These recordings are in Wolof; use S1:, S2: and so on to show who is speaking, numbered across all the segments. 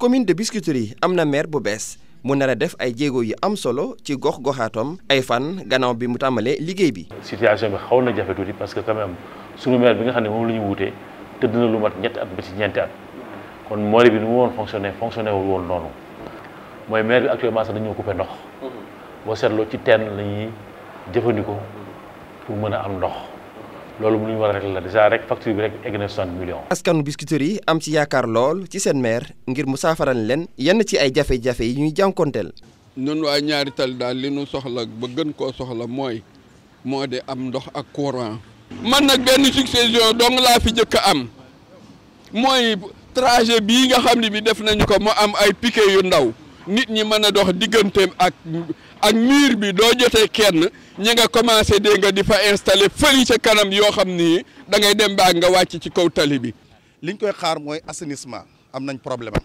S1: commune de Biscuiterie am na maire bu bees mu nar a def ay jéego yu am solo ci gox goxaatam
S2: ay fan gannaaw bi mu tàmbalee liggéey bi. situation bi xaw na jafe tuuti parce que quand même sunu maire bi nga xam ne moom la ñu wutee tëdd na lu mat ñetti at ba ci ñeenti at kon moore bi nu mu woon fonctionné fonctionné wul woon noonu mooy maire bi actuellement sax dañoo coupé ndox mhm. boo seetloo ci teen la ñuy jëfandikoo pour mën a am ndox. loolu mu ñu war a rek
S3: la déjà rek facture bi rek egg na 60 millions.
S1: askanu biscuiterie yi am ci yaakaar lool ci seen maire ngir mu saafaral leen yenn ci ay jafe-jafe yi ñuy jànkoonteel
S3: ñun waa ñaari tali daal li nu soxla ba gën koo soxla mooy moo de am ndox ak courant. man nag benn succession dong laa fi njëkk am mooy trajet bii nga xam ne bi def nañu ko mu am ay piquet yu ndaw nit ñi mën a dox digganteem ak. ak miir bi doo jotee kenn ñi nga commencé dégg nga di fa installé fëli ca kanam yoo xam ni da ngay dem baag nga wàcc ci kaw tali bi. liñ koy xaar mooy assainissement am nañ problème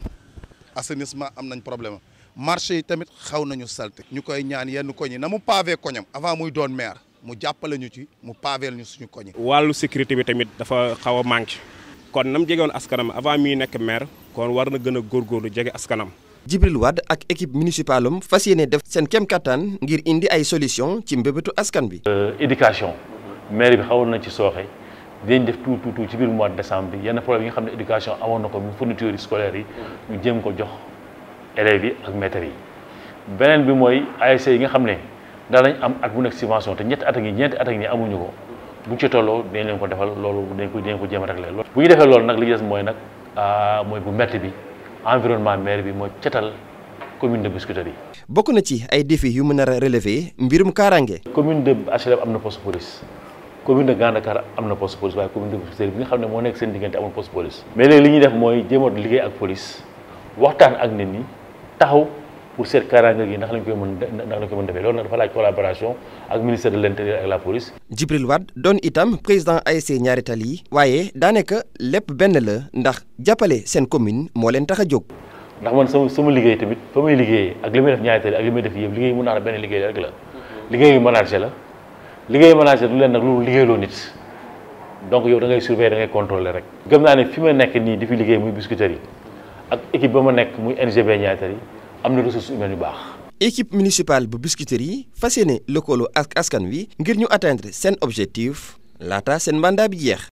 S3: am am nañ problème marché yi tamit xaw nañu salte ñu koy ñaan yenn koñ yi na mu pavé koñam avant muy doon maire mu jàppale ñu ci mu pavel ñu suñu koñ.
S1: wàllu sécurité bi tamit dafa xaw a manqué. kon nam jegewoon askanam avant miy nekk maire kon war na gën a góorgóorlu jege askanam. Djibril Wade ak équipe municipale am fas yéene def seen kem kattan ngir indi
S2: ay solution ci mbébétu askan bi. Euh, éducation maire bi xawoon na ci sooxe dinañ def tout tout tout ci biir mois de décembre bi yenn problème yi nga xam ne éducation amoon na ko mu fournitures scolaires yi ñu ko jox élèves ak maîtres yi. beneen bi mooy ASC yi nga xam ne danañ am at bu nekk subvention te ñetti at a ngi ñeenti at a ngi amuñu ko buñ ci tolloo dinañ leen ko defal loolu dinañ ko dinañ ko jéem a réglé. bu ñu defee loolu nag li des mooy nag ah, mooy bu métti bi. environnement maire bi moo cetal commune de Biscuiterie bokk na ci ay défis yu mën a relever mbirum Kaaraange. commune de HLM am na poste police commune de Grand am na poste police waaye commune de Biscuiterie bi nga xam ne moo nekk seen diggante amul poste police. mais léegi def mooy jéemoot liggéey ak police waxtaan ak nit ñi taxaw. pour seet kaaraange gi ndax lañ koy mën ndax lañ koy mën defee loolu nag dafa laaj collaboration ak ministère de l'intérieur ak la police. Djibril Wade doon itam président ASC ñaari
S1: tali yi. waaye daanaka lépp benn la ndax jàppale seen commune moo leen tax a jóg.
S2: ndax man sama sama liggéey tamit fa may liggéeyee ak li may def ñaari tali ak li may def yëpp liggéey mën naa la benn liggéey rek la. Mhm. liggéeyu manager la liggéeyu manager du leen nag liggéey loo nit. donc yow da ngay surveiller da ngay rek. gëm naa ne fi ma nekk nii di fi liggéey muy biscuiterie yi ak ba ma nekk muy NGB ñaari tali yi am na ressources humaines yu baax.
S1: équipe municipale bu Biscuiterie yi fas yéene lëkkaloo ak askan wi ngir ñu atteindre seen objectif laata seen mandat bi jeex.